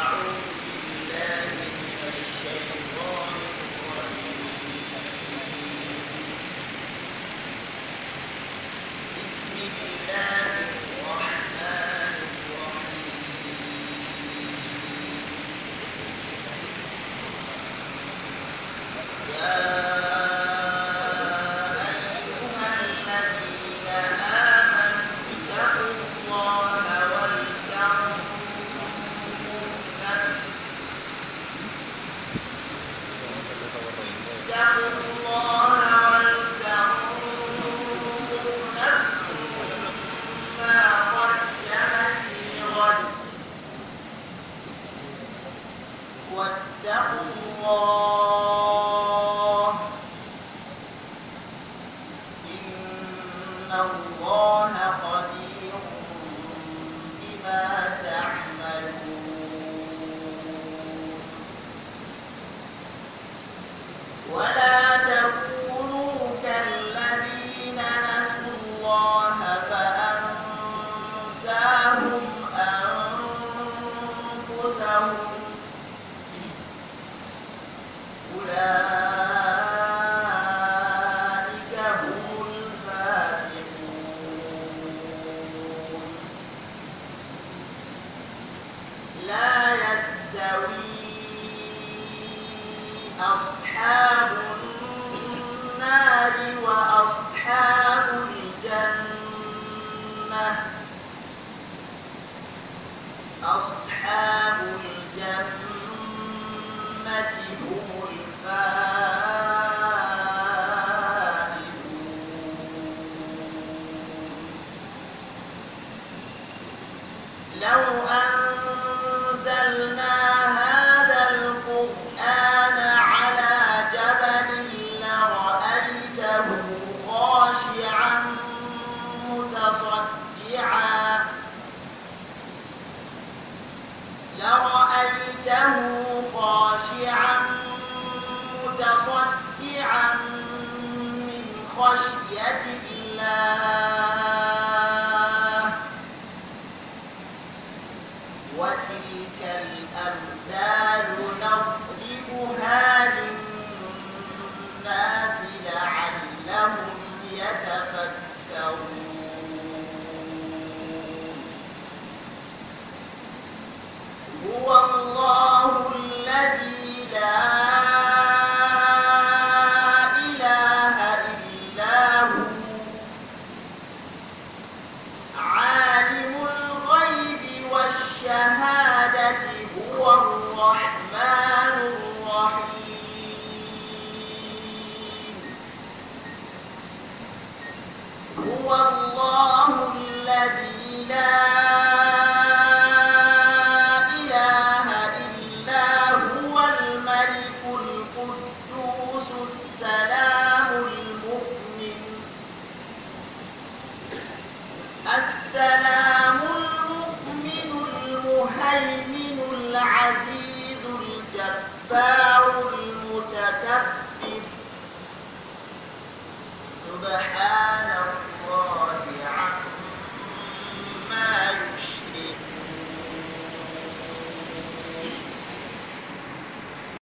Thank you. ولا تكونوا كالذين نسوا الله فأنساهم أنفسهم أولئك هم الفاسقون لا يستوي أصحاب النار وأصحاب الجنة أصحاب الجنة هم الفائزون لو أنزلنا لرأيته خاشعا متصدعا من خشية الله وتلك الأمثال نضربها للناس هو الله الذي لا إله إلا هو عالم الغيب والشهادة هو الرحمن الرحيم هو الله الذي لا فكبر سبحان